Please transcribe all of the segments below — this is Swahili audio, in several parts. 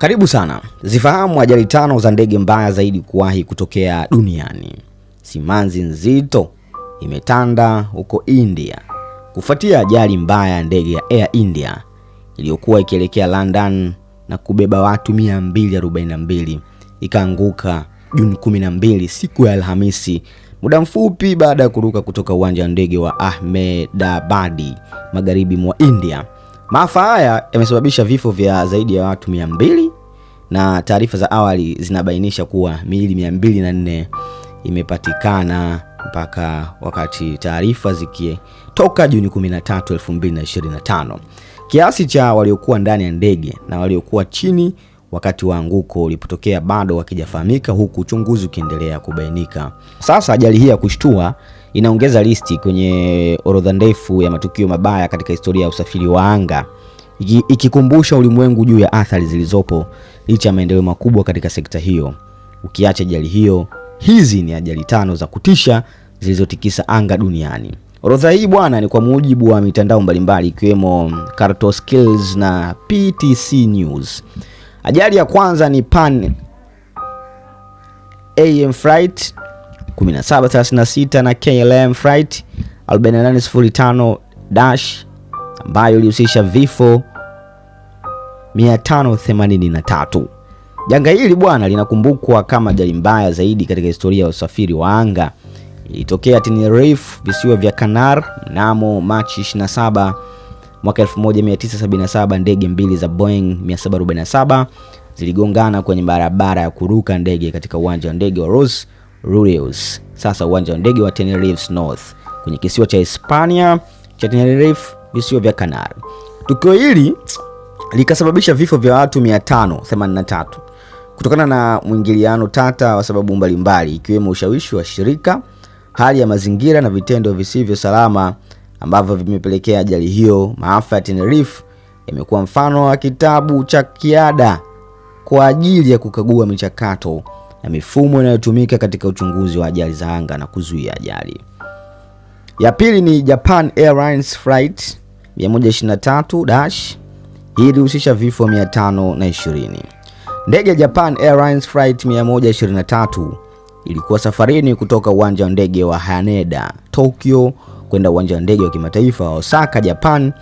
Karibu sana. Zifahamu ajali tano za ndege mbaya zaidi kuwahi kutokea duniani. Simanzi nzito imetanda huko India kufuatia ajali mbaya ya ndege ya Air India iliyokuwa ikielekea London na kubeba watu 242 ikaanguka Juni 12 siku ya Alhamisi, muda mfupi baada ya kuruka kutoka uwanja wa ndege wa Ahmedabad magharibi mwa India Maafa haya yamesababisha vifo vya zaidi ya watu 200 na taarifa za awali zinabainisha kuwa miili 204 imepatikana mpaka wakati taarifa zikitoka Juni 13, 2025. Kiasi cha waliokuwa ndani ya ndege na waliokuwa chini wakati wa anguko ulipotokea bado wakijafahamika, huku uchunguzi ukiendelea kubainika. Sasa ajali hii ya kushtua inaongeza listi kwenye orodha ndefu ya matukio mabaya katika historia ya usafiri wa anga ikikumbusha ulimwengu juu ya athari zilizopo licha ya maendeleo makubwa katika sekta hiyo. Ukiacha ajali hiyo, hizi ni ajali tano za kutisha zilizotikisa anga duniani. Orodha hii bwana, ni kwa mujibu wa mitandao mbalimbali ikiwemo CartoSkills na PTC News. Ajali ya kwanza ni Pan Am Flight 1736 na KLM Freight 4805 dash ambayo ilihusisha vifo 583. Janga hili bwana linakumbukwa kama ajali mbaya zaidi katika historia ya usafiri wa anga. Ilitokea Tenerife, visiwa vya Canary mnamo Machi 27 mwaka 1977. Ndege mbili za Boeing 747 ziligongana kwenye barabara ya kuruka ndege katika uwanja wa ndege wa Rose Rurius. sasa uwanja wa ndege wa Tenerife North kwenye kisiwa cha Hispania cha Tenerife, visiwa vya Kanari. Tukio hili likasababisha vifo vya watu 583 kutokana na mwingiliano tata wa sababu mbalimbali ikiwemo ushawishi wa shirika, hali ya mazingira na vitendo visivyo salama ambavyo vimepelekea ajali hiyo. Maafa ya Tenerife yamekuwa mfano wa kitabu cha kiada kwa ajili ya kukagua michakato na mifumo inayotumika katika uchunguzi wa ajali za anga na kuzuia ajali. Ya pili ni Japan Airlines Flight 123 dash. Hii ilihusisha vifo 520. Ndege ya Japan Airlines Flight 123 ilikuwa safarini kutoka uwanja wa ndege wa Haneda, Tokyo kwenda uwanja wa ndege wa kimataifa wa Osaka, Japan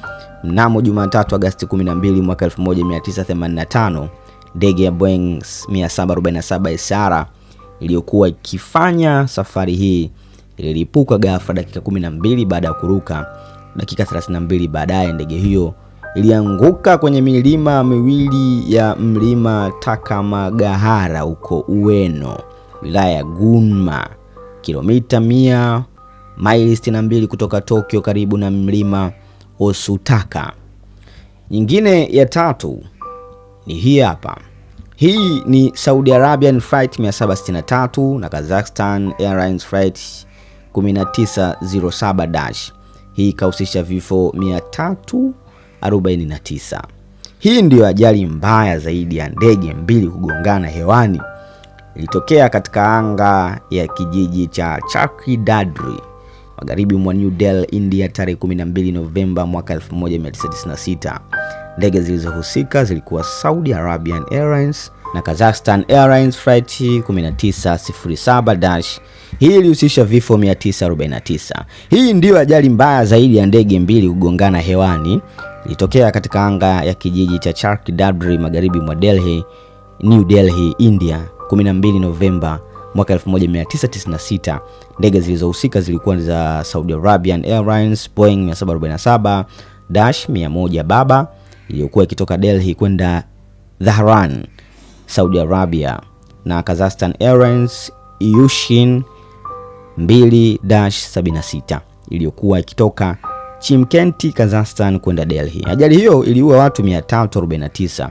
mnamo Jumatatu Agosti 12 mwaka 1985 ndege ya Boeing 747 SR iliyokuwa ikifanya safari hii ililipuka ghafla dakika 12 baada ya kuruka. Dakika 32 baadaye ndege hiyo ilianguka kwenye milima miwili ya mlima Takamagahara huko Ueno, wilaya ya Gunma, kilomita 100 maili 62 kutoka Tokyo, karibu na mlima Osutaka. Nyingine ya tatu ni hii hapa. Hii ni Saudi Arabian Flight 763 na Kazakhstan Airlines Flight 1907 dash. Hii ikahusisha vifo 349. Hii ndiyo ajali mbaya zaidi ya ndege mbili kugongana hewani. Ilitokea katika anga ya kijiji cha Chakri Dadri magharibi mwa New Delhi, India tarehe 12 Novemba mwaka 1996. Ndege zilizohusika zilikuwa Saudi Arabian Airlines na Kazakhstan Airlines Flight 1907. Hii ilihusisha vifo 949. Hii ndiyo ajali mbaya zaidi ya ndege mbili kugongana hewani. Ilitokea katika anga ya kijiji cha Chark Dadri magharibi mwa Delhi, New Delhi, India 12 Novemba mwaka 1996. Ndege zilizohusika zilikuwa za Saudi Arabian Airlines Boeing 747-100 baba iliyokuwa ikitoka Delhi kwenda Dhahran, Saudi Arabia na Kazakhstan Airlines Yushin 2-76 iliyokuwa ikitoka Chimkenti, Kazakhstan kwenda Delhi. Ajali hiyo iliua watu 349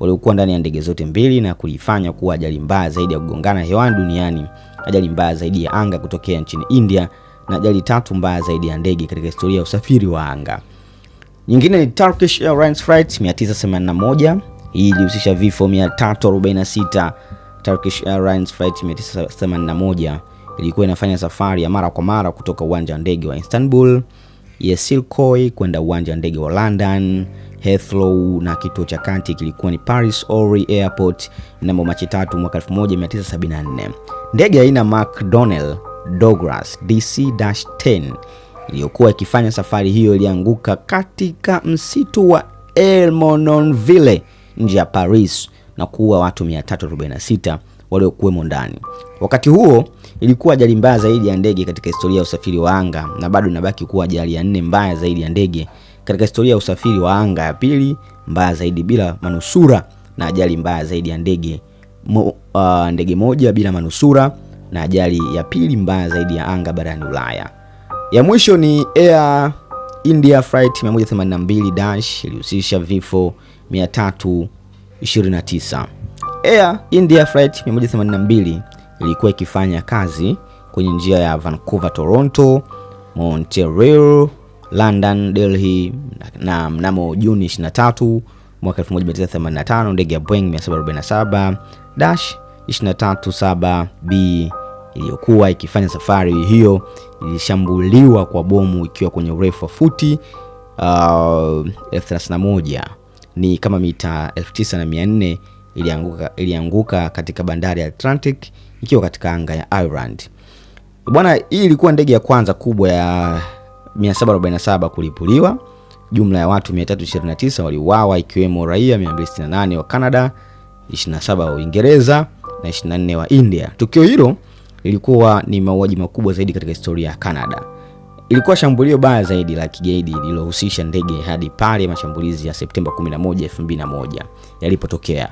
waliokuwa ndani ya ndege zote mbili na kuifanya kuwa ajali mbaya zaidi ya kugongana hewani duniani, ajali mbaya zaidi ya anga kutokea nchini India na ajali tatu mbaya zaidi ya ndege katika historia ya usafiri wa anga. Nyingine ni Turkish Airlines flight 981, hii ilihusisha vifo 346. Turkish Airlines flight 981 ilikuwa inafanya safari ya mara kwa mara kutoka uwanja wa ndege wa Istanbul, Yesilkoi kwenda uwanja wa ndege wa London Heathrow na kituo cha kati kilikuwa ni Paris Orly Airport mnamo Machi 3 mwaka 1974. Ndege aina McDonnell Douglas DC-10 iliyokuwa ikifanya safari hiyo ilianguka katika msitu wa Elmononville nje ya Paris na kuua watu 346 waliokuwemo ndani. Wakati huo ilikuwa ajali mbaya zaidi ya ndege katika historia ya usafiri wa anga na bado inabaki kuwa ajali ya nne mbaya zaidi ya ndege katika historia ya usafiri wa anga, ya pili mbaya zaidi bila manusura na ajali mbaya zaidi ya ndege mo, uh, ndege moja bila manusura na ajali ya pili mbaya zaidi ya anga barani Ulaya. Ya mwisho ni Air India Flight 182 dash ilihusisha vifo 329. Air India Flight 182 ilikuwa ikifanya kazi kwenye njia ya Vancouver, Toronto, Montreal, London, Delhi na mnamo Juni 23 mwaka 1985 ndege ya Boeing 747 dash 237B iliyokuwa ikifanya safari hiyo ilishambuliwa kwa bomu ikiwa kwenye urefu wa futi uh, 31 ni kama mita 9400 ilianguka, ilianguka katika bandari ya Atlantic ikiwa katika anga ya Ireland. Bwana, hii ilikuwa ndege ya kwanza kubwa ya 747 kulipuliwa. Jumla ya watu 329 waliuawa ikiwemo raia 268 wa Canada, 27 wa Uingereza na 24 wa India. Tukio hilo lilikuwa ni mauaji makubwa zaidi katika historia ya Canada. Ilikuwa shambulio baya zaidi la kigaidi lililohusisha ndege hadi pale mashambulizi ya Septemba 11, 2001 yalipotokea.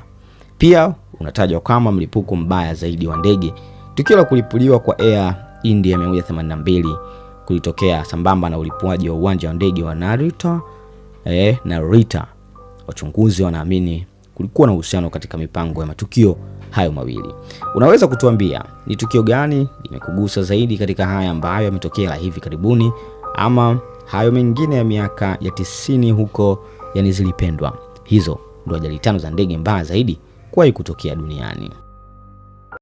Pia unatajwa kama mlipuko mbaya zaidi wa ndege. Tukio la kulipuliwa kwa Air India 182 kulitokea sambamba na ulipuaji wa uwanja wa ndege wa Narita, eh, Narita. Wachunguzi wanaamini kulikuwa na uhusiano katika mipango ya matukio hayo mawili. Unaweza kutuambia ni tukio gani limekugusa zaidi katika haya ambayo yametokea hivi karibuni ama hayo mengine ya miaka ya tisini huko yani zilipendwa? Hizo ndo ajali tano za ndege mbaya zaidi kuwahi kutokea duniani.